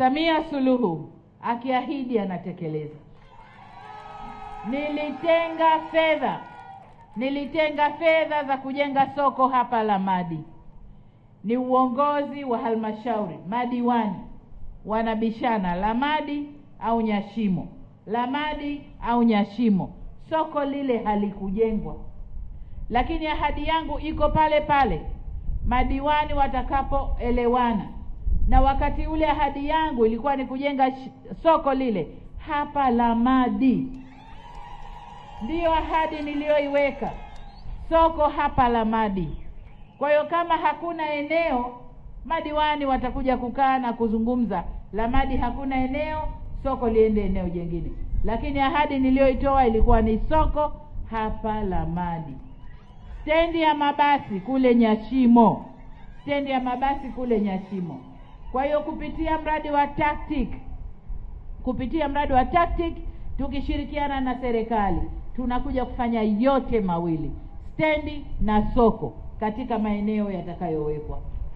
Samia Suluhu akiahidi anatekeleza. Nilitenga fedha, nilitenga fedha za kujenga soko hapa la Madi. Ni uongozi wa halmashauri, madiwani wanabishana madi au Nyashimo, la madi au Nyashimo. Soko lile halikujengwa, lakini ahadi yangu iko pale pale, madiwani watakapoelewana na wakati ule ahadi yangu ilikuwa ni kujenga soko lile hapa la Madi, ndiyo ahadi niliyoiweka, soko hapa la Madi. Kwa hiyo kama hakuna eneo, madiwani watakuja kukaa na kuzungumza, la Madi hakuna eneo, soko liende eneo jingine, lakini ahadi niliyoitoa ilikuwa ni soko hapa la Madi. Stendi ya mabasi kule Nyashimo, stendi ya mabasi kule Nyashimo kwa hiyo kupitia mradi wa TACTIC, kupitia mradi wa TACTIC tukishirikiana na serikali tunakuja kufanya yote mawili, stendi na soko katika maeneo yatakayowekwa.